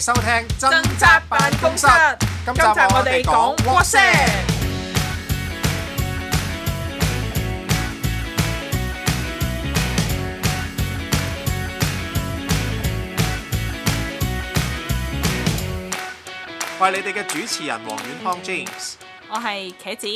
收聽掙扎辦公室，今集我哋講 WhatsApp？係你哋嘅主持人黃遠康 James。我係茄子，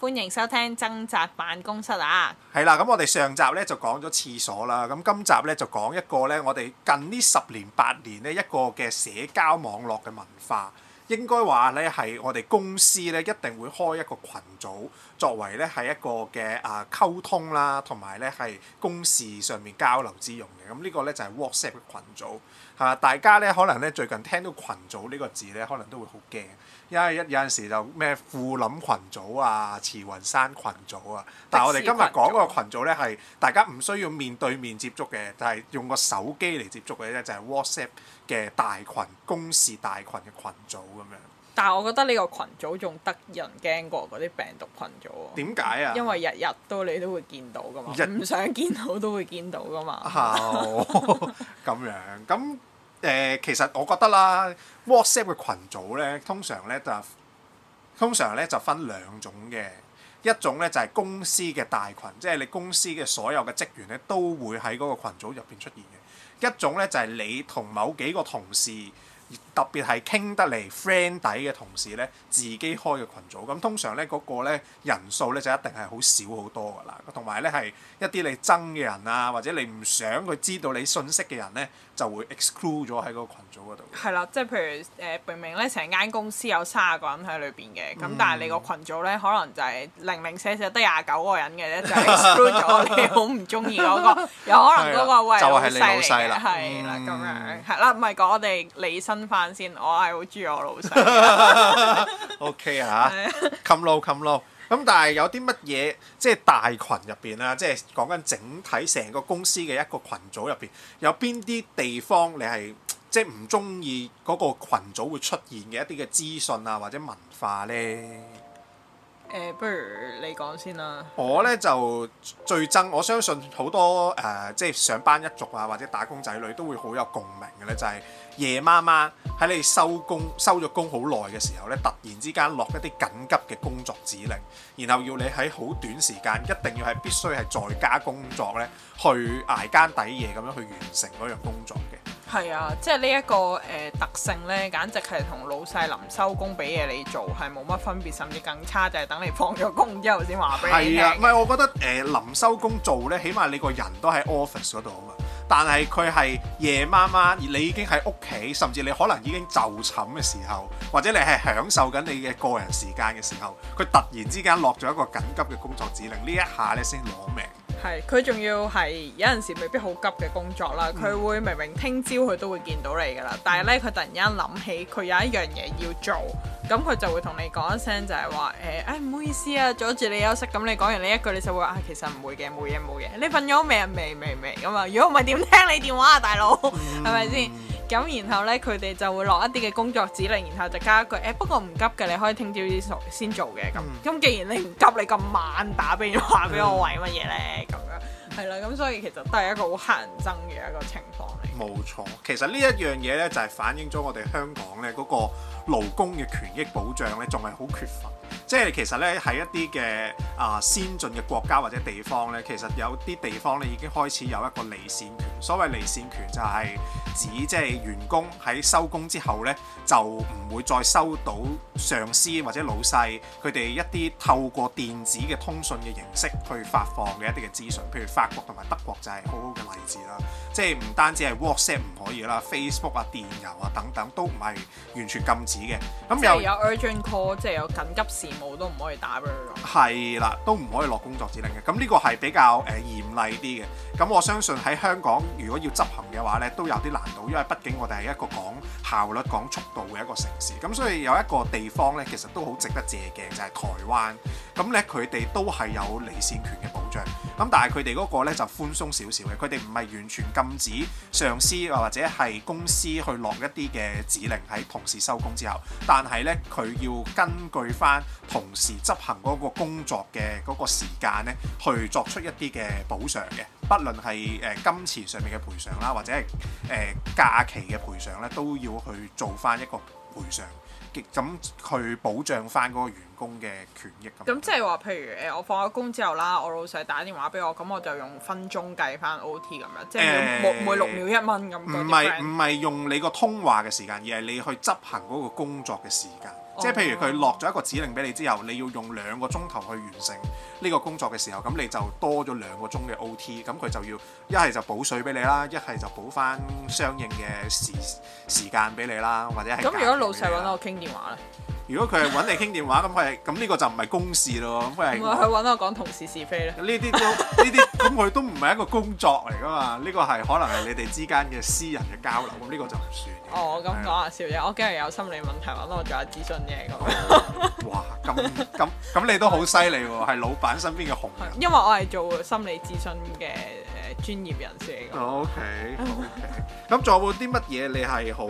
歡迎收聽掙扎辦公室啊。係啦，咁我哋上集咧就講咗廁所啦，咁今集咧就講一個咧，我哋近呢十年八年呢一個嘅社交網絡嘅文化，應該話咧係我哋公司咧一定會開一個群組，作為咧係一個嘅啊溝通啦，同埋咧係公事上面交流之用嘅。咁呢個咧就係、是、WhatsApp 嘅群組，係嘛？大家咧可能咧最近聽到群組呢個字咧，可能都會好驚。因為一有陣時就咩富林群組啊、慈雲山群組啊，但係我哋今日講嗰個群組咧係大家唔需要面對面接觸嘅，就係用個手機嚟接觸嘅啫，就係 WhatsApp 嘅大群公事大群嘅群組咁樣。但係我覺得呢個群組仲得人驚過嗰啲病毒群組喎。點解啊？因為日日都你都會見到㗎嘛，唔想見到都會見到㗎嘛。哦，咁樣咁。誒、呃，其實我覺得啦，WhatsApp 嘅群組咧，通常咧就通常咧就分兩種嘅，一種咧就係、係、公司嘅大群，即係你公司嘅所有嘅職員咧都會喺嗰個群組入邊出現嘅，一種咧就係、係、你同某幾個同事，特別係傾得嚟 friend 底嘅同事咧，自己開嘅羣組，咁通常咧嗰個咧人數咧就一定係好少好多㗎啦。同埋咧係一啲你憎嘅人啊，或者你唔想佢知道你信息嘅人咧，就會 exclude 咗喺嗰個羣組嗰度。係啦，即係譬如誒，明明咧成間公司有卅個人喺裏邊嘅，咁但係你個羣組咧可能就係零零舍舍得廿九個人嘅咧，就 exclude 咗你好唔中意嗰個，有可能嗰個位就係你老細啦，係啦咁樣，係啦，唔係講我哋李生。先，我係好中意我老細。O K 啊，冚路冚路。咁但係有啲乜嘢，即係大群入邊啊，即係講緊整體成個公司嘅一個群組入邊，有邊啲地方你係即係唔中意嗰個羣組會出現嘅一啲嘅資訊啊，或者文化咧？誒、呃，不如你講先啦。我咧就最憎，我相信好多誒、呃，即係上班一族啊，或者打工仔女都會好有共鳴嘅咧，就係夜媽媽喺你收工收咗工好耐嘅時候咧，突然之間落一啲緊急嘅工作指令，然後要你喺好短時間一定要係必須係在家工作咧，去挨更抵夜咁樣去完成嗰樣工作嘅。係啊，即係呢一個誒、呃、特性呢，簡直係同老細臨收工俾嘢你做係冇乜分別，甚至更差，就係、是、等你放咗工之後先話俾你。係啊，唔係我覺得誒、呃、臨收工做呢，起碼你個人都喺 office 嗰度啊嘛。但係佢係夜晚晚，你已經喺屋企，甚至你可能已經就寢嘅時候，或者你係享受緊你嘅個人時間嘅時候，佢突然之間落咗一個緊急嘅工作指令，呢一下呢，先攞命。係，佢仲要係有陣時未必好急嘅工作啦，佢、嗯、會明明聽朝佢都會見到你噶啦，但係咧佢突然間諗起佢有一樣嘢要做，咁佢就會同你講一聲就係話誒，唉、欸、哎、唔好意思啊，阻住你休息，咁你講完呢一句，你就會話、啊、其實唔會嘅，冇嘢冇嘢，你瞓咗未啊？未未未咁啊，如果唔係點聽你電話啊，大佬，係咪先？ 咁然後咧，佢哋就會落一啲嘅工作指令，然後就加一句，誒、哎、不過唔急嘅，你可以聽朝先做嘅。咁咁、嗯、既然你唔急，你咁慢打俾話俾我為乜嘢咧？咁、嗯、樣係啦，咁所以其實都係一個好乞人憎嘅一個情況嚟。冇錯，其實呢一樣嘢咧，就係反映咗我哋香港咧嗰個勞工嘅權益保障咧，仲係好缺乏。即係其實咧，喺一啲嘅啊先進嘅國家或者地方咧，其實有啲地方咧已經開始有一個離線權。所謂離線權就係指即係員工喺收工之後咧，就唔會再收到上司或者老細佢哋一啲透過電子嘅通訊嘅形式去發放嘅一啲嘅資訊。譬如法國同埋德國就係好好嘅。啦，即係唔單止係 WhatsApp 唔可以啦，Facebook 啊、電郵啊等等都唔係完全禁止嘅。咁、嗯、有有 urgent call，即係有緊急事務都唔可以打俾佢。係啦，都唔可以落工作指令嘅。咁、嗯、呢、這個係比較誒嚴厲啲嘅。咁、呃嗯、我相信喺香港，如果要執行嘅話呢，都有啲難度，因為畢竟我哋係一個講效率、講速度嘅一個城市。咁、嗯、所以有一個地方呢，其實都好值得借鏡，就係、是、台灣。咁、嗯、呢，佢、嗯、哋都係有離線權嘅。咁但係佢哋嗰個咧就寬鬆少少嘅，佢哋唔係完全禁止上司或者係公司去落一啲嘅指令喺同事收工之後，但係咧佢要根據翻同事執行嗰個工作嘅嗰個時間咧，去作出一啲嘅補償嘅，不論係誒金錢上面嘅賠償啦，或者係誒假期嘅賠償咧，都要去做翻一個賠償。咁去保障翻嗰個員工嘅權益咁。即係話，譬如誒，我放咗工之後啦，我老細打電話俾我，咁我就用分鐘計翻 OT 咁樣，即係每、欸、每，每六秒一蚊咁。唔係，唔係用你個通話嘅時間，而係你去執行嗰個工作嘅時間。即係譬如佢落咗一個指令俾你之後，你要用兩個鐘頭去完成呢個工作嘅時候，咁你就多咗兩個鐘嘅 OT，咁佢就要一係就補水俾你啦，一係就補翻相應嘅時時間俾你啦，或者係咁。如果老細揾我傾電話咧？如果佢係揾你傾電話，咁佢係咁呢個就唔係公事咯。咁佢係唔係揾我講同事是非咧？呢 啲都呢啲，咁佢都唔係一個工作嚟噶嘛。呢、這個係可能係你哋之間嘅私人嘅交流。咁呢個就唔算。哦，咁講下笑啫。了我驚係有心理問題，揾我做下諮詢啫。咁。 哇，咁咁咁，你都好犀利喎！係老闆身邊嘅紅人。因為我係做心理諮詢嘅誒、呃、專業人士嚟噶。OK OK，咁仲 有冇啲乜嘢你係好？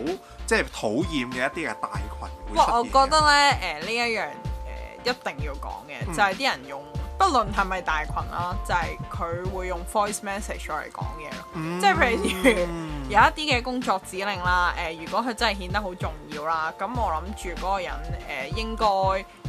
即係討厭嘅一啲嘅大群。哇，我覺得咧，誒、呃、呢一樣誒、呃、一定要講嘅，就係、是、啲人用，嗯、不論係咪大群啦，就係、是、佢會用 voice message 嚟講嘢。嗯、即係譬如、嗯、 有一啲嘅工作指令啦，誒、呃、如果佢真係顯得好重要啦，咁我諗住嗰個人誒、呃、應該，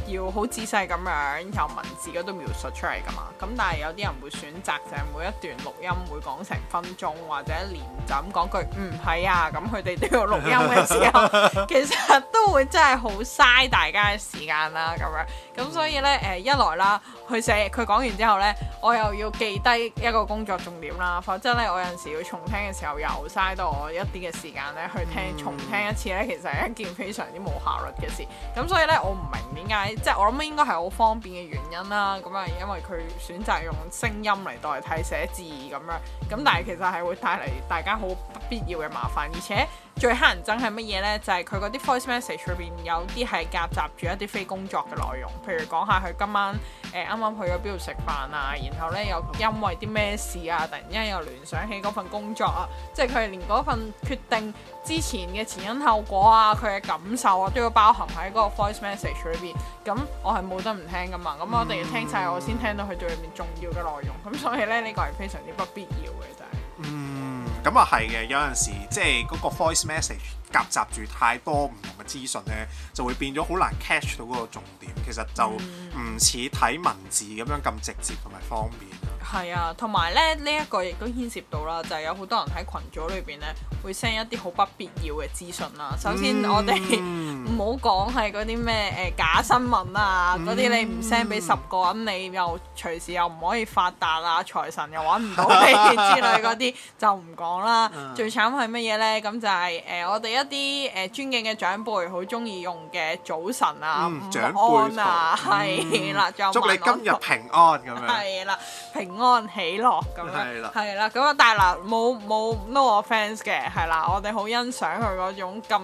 要好仔細咁樣由文字嗰度描述出嚟㗎嘛，咁但係有啲人會選擇就係每一段錄音會講成分鐘，或者連就咁講句嗯、係啊，咁佢哋都要錄音嘅時候，其實都會真係好嘥大家嘅時間啦咁樣，咁所以呢，誒、呃、一來啦。佢寫佢講完之後呢，我又要記低一個工作重點啦，否則呢，我有陣時要重聽嘅時候又嘥多我一啲嘅時間呢去聽重聽一次呢，其實係一件非常之冇效率嘅事。咁所以呢，我唔明點解，即係我諗應該係好方便嘅原因啦。咁啊，因為佢選擇用聲音嚟代替寫字咁樣，咁但係其實係會帶嚟大家好不必要嘅麻煩，而且。最乞人憎係乜嘢呢？就係佢嗰啲 voice message 裏邊有啲係夾雜住一啲非工作嘅內容，譬如講下佢今晚誒啱啱去咗邊度食飯啊，然後呢又因為啲咩事啊，突然間又聯想起嗰份工作啊，即係佢係連嗰份決定之前嘅前因後果啊，佢嘅感受啊都要包含喺嗰個 voice message 裏邊。咁我係冇得唔聽噶嘛。咁我哋要聽晒，我先聽到佢對裏面重要嘅內容。咁所以呢，呢個係非常之不必要嘅就係。嗯。 咁啊係嘅，有陣時即係個 voice message 夾雜住太多唔同嘅資訊咧，就會變咗好難 catch 到個重點，其實就唔似睇文字咁樣咁直接同埋方便。係啊，同埋咧呢一個亦都牽涉到啦，就係、是、有好多人喺群組裏邊咧會 send 一啲好不必要嘅資訊啦。首先我哋唔好講係嗰啲咩誒假新聞啊，嗰啲、嗯、你唔 send 俾十個，咁、嗯、你又隨時又唔可以發達啊，財神又揾唔到你 之類嗰啲就唔講啦。嗯、最慘係乜嘢咧？咁就係、是、誒、呃、我哋一啲誒尊敬嘅長輩好中意用嘅早晨啊，嗯、午安啊長輩啊，係、嗯、啦， 有 祝你今日平安咁、啊、樣。係啦，平安。 平安 平安安喜樂咁樣，係啦的，係啦，咁啊，但嗱，冇冇 no offence 嘅，係啦，我哋好欣賞佢嗰種咁，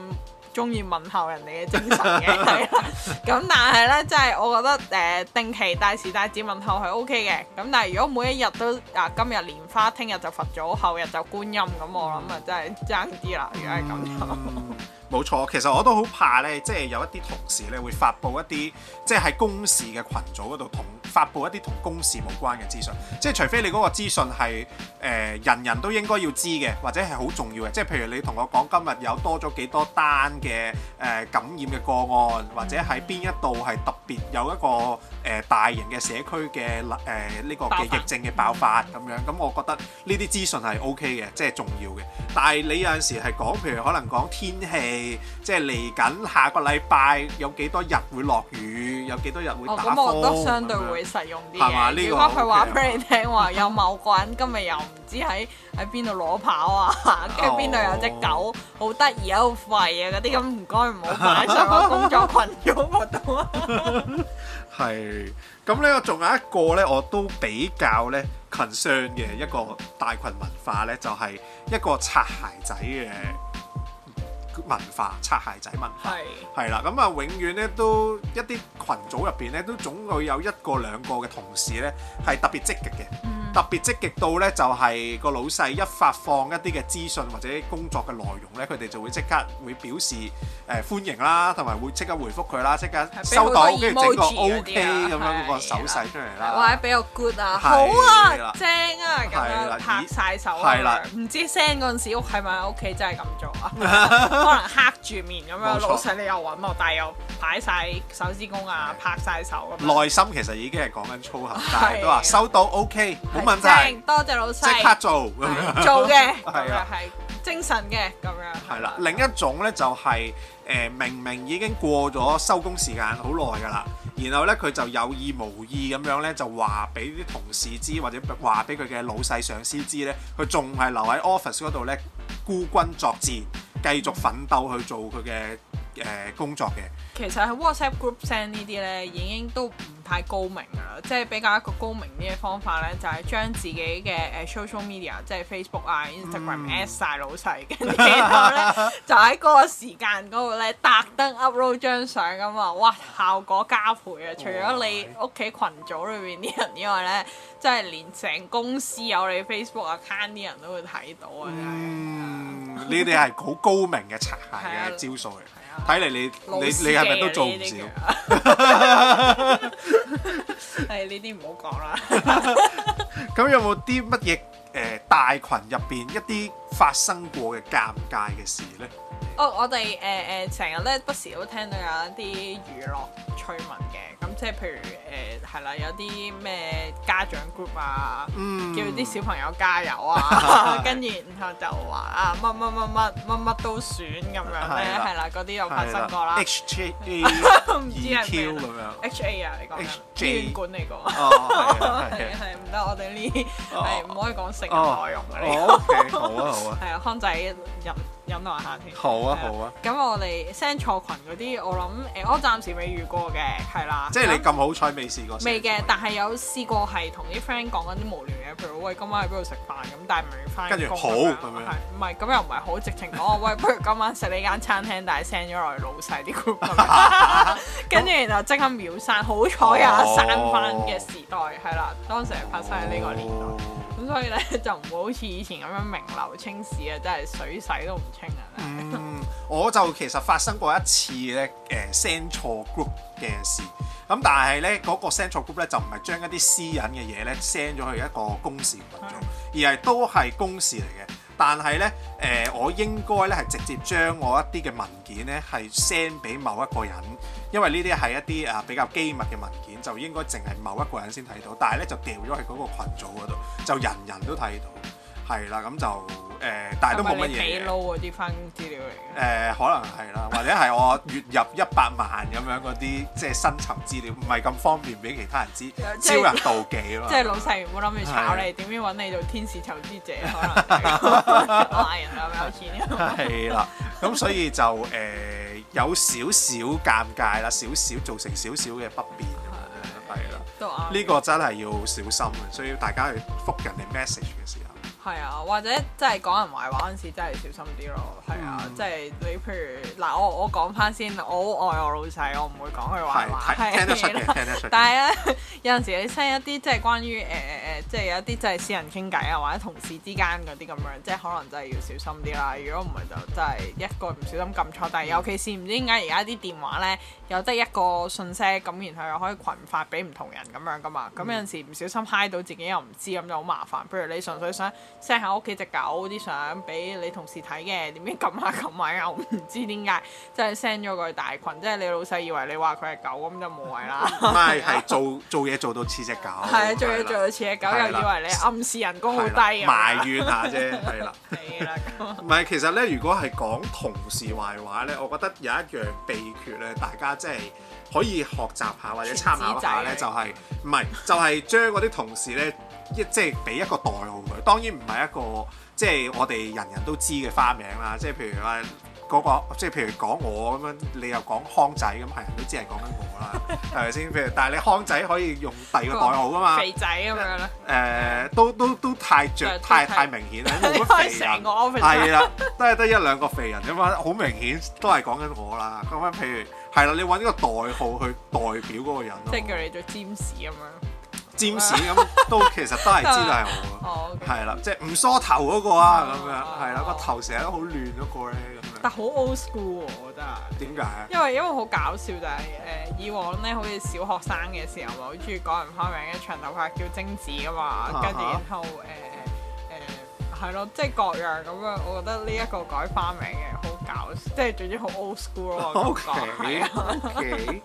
中意問候人哋嘅精神嘅，係啦。 咁但係呢，即係我覺得誒、呃、定期大時大節問候係 O K 嘅。咁但係如果每一日都啊，今日蓮花，聽日就佛祖，後日就觀音，咁我諗啊、嗯，就真係爭啲啦。如果係咁樣，冇、嗯、 錯。其實我都好怕呢，即、就、係、是、有一啲同事呢會發布一啲即係喺公事嘅群組嗰度同發布一啲同公事無關嘅資訊。即、就、係、是、除非你嗰個資訊係、呃、人人都應該要知嘅，或者係好重要嘅。即、就、係、是、譬如你同我講今日有多咗幾多單。嘅誒感染嘅個案，或者喺邊一度係特別有一個誒、呃、大型嘅社區嘅誒呢個嘅疫症嘅爆發，咁、嗯、樣。咁我覺得呢啲資訊係 OK 嘅，即係重要嘅。但係你有陣時係講，譬如可能講天氣，即係嚟緊下個禮拜有幾多日會落雨，有幾多日會感會打風，係嘛、哦？如、這個、果佢話俾你聽話 okay, 吧，有某個人今日又唔知喺。 喺邊度攞跑啊？跟住邊度有隻狗好得意啊，好廢啊！嗰啲咁唔該唔好擺上個工作群組活動啊。係咁， 呢個仲有一個呢，我都比較咧 concern 嘅一個大群文化呢，就係、是、一個擦鞋仔嘅文化，擦鞋仔文化係是啦。咁啊，永遠呢，都一啲群組入邊呢，都總會有一個兩個嘅同事呢，係特別積極嘅。特別積極到咧，就係個老細一發放一啲嘅資訊或者工作嘅內容咧，佢哋就會即刻會表示誒歡迎啦，同埋會即刻回覆佢啦，即刻收到，跟住整個 O K 咁樣嗰個手勢出嚟啦。或者比較 good 啊，好啊，正啊，拍晒手啊，唔知 send 嗰陣時屋係咪喺屋企真係咁做啊？可能黑住面咁樣。老細你又揾我，但係又擺晒手指公啊，拍晒手咁。內心其實已經係講緊粗口，但係都話收到 O K。冇問題、就是，正多謝老細，即刻做樣做嘅的，係 啊，係精神嘅咁樣。係啦、啊，吧另一種咧就係、是、誒、呃、明明已經過咗收工時間好耐㗎啦，然後咧佢就有意無意咁樣咧就話俾啲同事知，或者話俾佢嘅老細上司知咧，佢仲係留喺 office 嗰度咧孤軍作戰，繼續奮鬥去做佢嘅誒工作嘅。其實喺 WhatsApp group send 呢啲咧已經都。太高明噶啦，即係比較一個高明啲嘅方法咧，就係將自己嘅誒 social media，即係 Facebook 啊、Instagram at 曬老細，跟住然後咧就喺嗰個時間嗰度咧特登 upload 張相咁啊，哇效果加倍啊！除咗你屋企群組裏面啲人以外咧，即係連成公司有你 Facebook account 啲人都會睇到啊！呢啲嗯，係好高明嘅擦鞋啊，招數嚟。睇嚟你、啊、你你係咪都做唔少？係，呢啲唔好講啦。咁 有冇啲乜嘢誒大群入邊一啲？發生過嘅尷尬嘅事咧，哦，我哋誒誒成日咧不時都聽到有一啲娛樂趣聞嘅。咁即係譬如誒係啦，有啲咩家長 group 啊，叫啲小朋友加油啊，跟住然後就話啊乜乜乜乜乜乜都選咁樣咧，係啦，嗰啲又發生過啦。H J E Q 咁樣，H A 啊，你講，醫院管嚟講啊，係係，唔得，我哋呢係唔可以講性內容係啊，康仔忍忍耐下添，好啊，好啊。咁我哋 send 錯群嗰啲，我諗誒，我暫時未遇過嘅，係啦。即係你咁好彩未試過？未嘅，但係有試過係同啲 friend 講緊啲無聊嘢，譬如話喂，今晚喺邊度食飯咁，但係未翻。跟住好，係咪？唔係，咁又唔係好，直情講我喂，不如今晚食呢間餐廳，但係 send 咗落去老細啲 g 跟住就即刻秒刪。好彩啊，刪翻嘅時代係啦，當時係發生喺呢個年代。咁所以咧就唔會好似以前咁樣名留青史啊，真係水洗都唔清啊！嗯， 我就其實發生過一次咧誒 send 錯 group 嘅事，咁但係咧嗰個 send 錯 group 咧就唔係將一啲私隱嘅嘢咧 send 咗去一個公事群度，啊、而係都係公事嚟嘅。但係咧誒，我應該咧係直接將我一啲嘅文件咧係 send 俾某一個人。因為呢啲係一啲誒比較機密嘅文件，就應該淨係某一個人先睇到，但係咧就掉咗喺嗰個羣組嗰度，就人人都睇到，係啦，咁就誒，但係都冇乜嘢。咪你幾 low 嗰啲翻資料嚟嘅？誒，可能係啦，或者係我月入一百萬咁樣嗰啲，即係薪酬資料，唔係咁方便俾其他人知，招人妒忌啊嘛。即係老細唔好諗住炒你，點樣揾你做天使投資者？可能賣人咁有錢。係啦，咁所以就誒。有少少尷尬啦，少少造成少少嘅不便。係。係啦。都啱。呢個真係要小心啊，所以大家去覆人哋 message 嘅時候。係啊，或者即係講人壞話嗰陣時，真係小心啲咯。係啊、嗯，即係、就是、你譬如嗱，我我講翻先，我好愛我老細，我唔會講佢壞話。係係的。聽得出，聽得出。但係咧，有陣時你 send 一啲即係關於誒。呃即係有一啲真係私人傾偈啊，或者同事之間嗰啲咁樣，即係可能真係要小心啲啦。如果唔係就真係一個唔小心撳錯，嗯、但係尤其是唔知點解而家啲電話咧又得一個訊息咁，然後又可以群發俾唔同人咁樣噶嘛。咁有陣時唔小心嗨到自己又唔知，咁就好麻煩。譬如你純粹想 send 下屋企隻狗啲相俾你同事睇嘅，點知撳下撳下又唔知點解，即係 send 咗佢大群，即係你老細以為你話佢係狗咁就冇謂啦。唔係 是 做做嘢做到似隻狗，係 做嘢做到似隻狗。了我又以為你暗示人工好低啊！埋怨下啫，係啦。係啦。唔係，其實咧，如果係講同事壞話咧，我覺得有一樣秘訣咧，大家即係可以學習下或者參考下咧、就係，就係唔係就係將嗰啲同事咧一即係俾一個代號佢。當然唔係一個即係、就係、我哋人人都知嘅花名啦。即係譬如咧。嗰個即係譬如講我咁樣，你又講康仔咁，係人都知係講緊我啦，係咪先？譬如，但係你康仔可以用第二個代號㗎嘛？肥仔咁樣咧？誒，都都都太着太太明顯啦！你揾成個 office 係啦，都係得一兩個肥人啫嘛，好明顯都係講緊我啦。咁樣譬如係啦，你揾個代號去代表嗰個人，即係叫你做占士 m 咁樣。占士 m 咁都其實都係知道係我，係啦，即係唔梳頭嗰個啊，咁樣係啦，個頭成日都好亂嗰個咧。但好 old school 我覺得。點解？因為因為好搞笑就係誒以往咧，好似小學生嘅時候好中意改人花名嘅，長頭髮叫貞子噶嘛，跟住、啊啊、然後誒誒誒係咯，即、呃、係、呃就是、各樣咁樣。我覺得呢一個改花名嘅好搞笑，即係總之好 old school 咯。O K O K。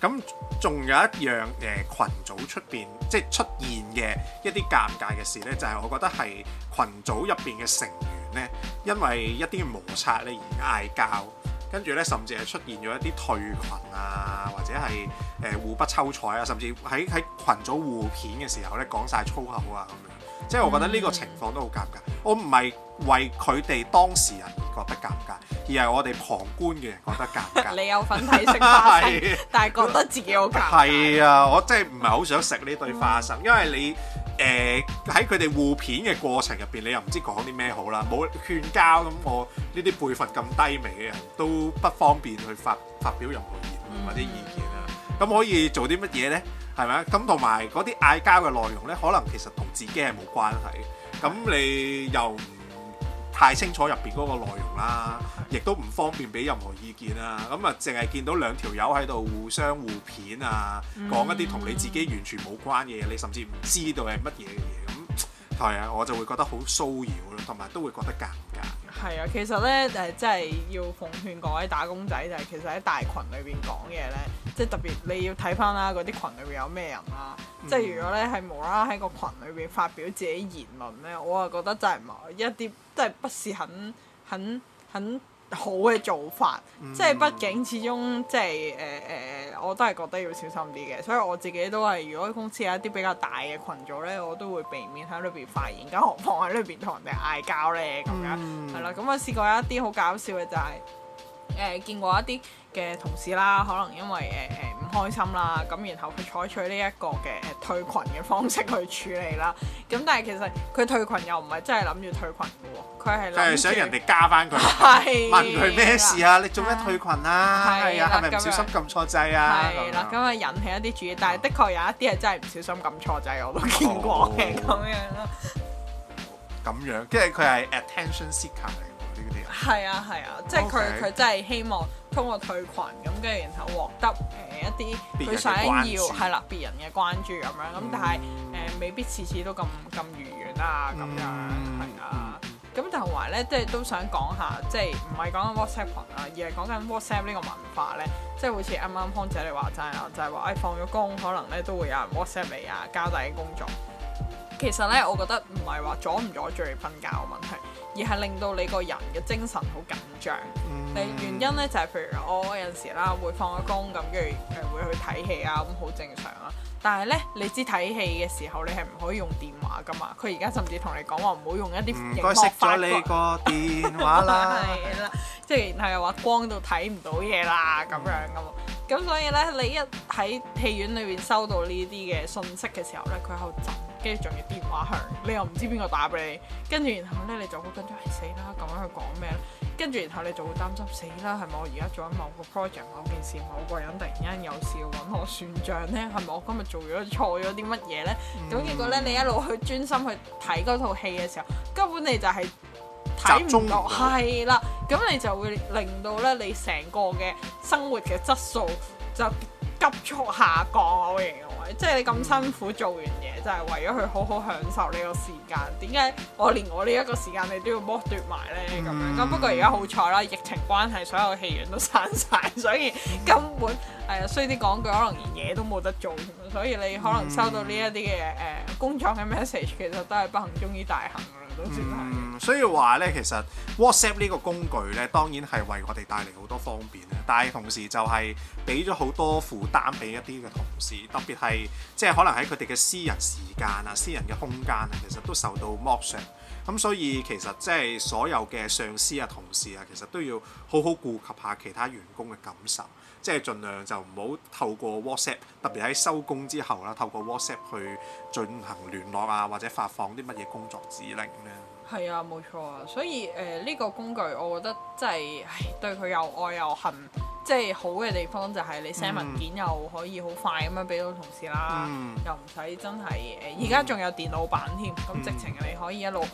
咁仲有一樣誒羣組出邊即係出現嘅一啲尷尬嘅事咧，就係我覺得係群組入邊嘅成員咧，因為一啲嘅摩擦咧而嗌交，跟住咧甚至係出現咗一啲退群啊，或者係誒互不瞅睬啊，甚至喺喺羣組互片嘅時候咧講晒粗口啊咁樣，即係我覺得呢個情況都好尷尬。嗯、我唔係為佢哋當事人而覺得尷尬，而係我哋旁觀嘅人覺得尷尬。 你有份睇直播， 是但係覺得自己好尷尬。係啊，我真係唔係好想食呢對花生，嗯、因為你。誒喺佢哋互片嘅過程入邊，你又唔知講啲咩好啦，冇勸交咁，我呢啲輩份咁低微嘅人都不方便去發發表任何言論或者意見啦。咁、嗯、可以做啲乜嘢呢？係咪啊？咁同埋嗰啲嗌交嘅內容呢，可能其實同自己係冇關係。咁你又唔？太清楚入邊嗰個內容啦，亦都唔方便俾任何意見啦。咁、嗯、啊，淨、嗯、係、嗯、見到兩條友喺度互相互片啊，講一啲同你自己完全冇關嘅嘢，你甚至唔知道係乜嘢嘅嘢。咁係啊，我就會覺得好騷擾咯，同埋都會覺得尷尬。係啊，其實咧誒、呃，真係要奉勸各位打工仔就係、是，其實喺大群裏邊講嘢咧，即係特別你要睇返啦，嗰啲群裏邊有咩人啦。即係如果咧係無啦啦喺個群裏邊發表自己言論咧，我啊覺得真係唔係一啲，即係不是很很很。很好嘅做法，嗯、即係畢竟始終即係誒誒，我都係覺得要小心啲嘅。所以我自己都係，如果公司有一啲比較大嘅群組呢，我都會避免喺裏邊發言，更何況喺裏邊同人哋嗌交呢？咁樣。係、嗯、啦，咁我試過有一啲好搞笑嘅就係、是。誒見過一啲嘅同事啦，可能因為誒誒唔開心啦，咁然後佢採取呢一個嘅誒退群嘅方式去處理啦。咁但係其實佢退群又唔係真係諗住退群嘅喎，佢係想人哋加翻佢，問佢咩事啊？你做咩退群啊？係啊，係咪唔小心撳錯掣啊？係啦，咁啊引起一啲注意。但係的確有一啲係真係唔小心撳錯掣，我都見過嘅咁樣咯。咁樣，即係佢係 attention seeker 嚟。係啊，係啊，即係佢佢真係希望通過退群咁，跟住然後獲得誒一啲佢想要係啦，別人嘅關注咁、呃啊嗯、樣，咁但係誒未必次次都咁咁如願啊，咁樣係啊，咁同埋咧，即係都想講下，即係唔係講緊 WhatsApp 群啊，而係講緊 WhatsApp 呢個文化咧，即係好似啱啱方姐你話齋啊，就係話誒放咗工，可能咧都會有人 WhatsApp 你啊，交代啲工作。其實咧，我覺得唔係話阻唔阻住你瞓覺問題。而係令到你個人嘅精神好緊張，你、嗯、原因咧就係、是、譬如我有陣時啦會放咗工咁，跟住誒會去睇戲啊咁好正常啊。但係咧你知睇戲嘅時候你係唔可以用電話噶嘛？佢而家甚至同你講話唔好用一啲熒幕發光。唔該，熄咗你個電話啦。係啦， 即係然後又話光到睇唔到嘢啦咁樣嘛。咁、嗯、所以咧你一喺戲院裏邊收到呢啲嘅信息嘅時候咧，佢好震。跟住仲要電話響，你又唔知邊個打俾你，跟住然後咧你就好緊張，死啦咁樣去講咩咧？跟住然後你就會擔心死啦，係咪我而家做緊某個 project、某件事、某個人突然間有事要揾我算賬咧？係咪我今日做咗錯咗啲乜嘢咧？咁、嗯、結果咧你一路去專心去睇嗰套戲嘅時候，根本你就係睇唔到，係啦，咁你就會令到咧你成個嘅生活嘅質素就急速下降。即係你咁辛苦做完嘢，就係為咗去好好享受呢個時間。點解我連我呢一個時間你都要剝奪埋呢？咁樣咁 不過而家好彩啦，疫情關係所有戲院都閂晒。 所以根本係啊，衰啲講句可能連嘢都冇得做，所以你可能收到呢一啲嘅誒工作嘅 message，其實都係不幸中於大幸啦，都算係。所以話咧，其實 WhatsApp 呢個工具咧，當然係為我哋帶嚟好多方便咧，但係同時就係俾咗好多負擔俾一啲嘅同事，特別係即係可能喺佢哋嘅私人時間啊、私人嘅空間啊，其實都受到剝削。咁所以其實即係所有嘅上司啊、同事啊，其實都要好好顧及下其他員工嘅感受，即係盡量就唔好透過 WhatsApp，特別喺收工之後啦，透過 WhatsApp 去進行聯絡啊，或者發放啲乜嘢工作指令咧。係啊，冇錯啊，所以誒呢、呃這個工具，我覺得真係對佢又愛又恨。即、就、係、是、好嘅地方就係你 send 文件又可以好快咁樣俾到同事啦，嗯、又唔使真係誒。而家仲有電腦版添，咁、嗯、直情你可以一路誒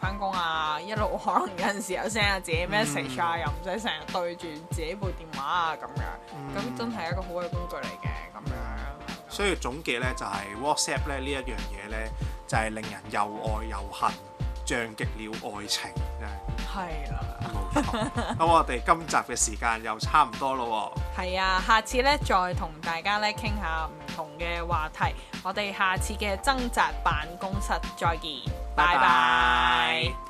翻工啊，一路可能有陣時有 send 下自己 message 啊，嗯、又唔使成日對住自己部電話啊咁樣。咁、嗯、真係一個好嘅工具嚟嘅咁樣。所以總結咧，就係、是、WhatsApp 咧呢一樣嘢咧，就係、是、令人又愛又恨。像極了愛情，係啦，咁我哋今集嘅時間又差唔多咯喎。冇錯，係啊，下次呢，再同大家呢傾下唔同嘅話題，我哋下次嘅掙扎辦公室再見，拜拜。拜拜。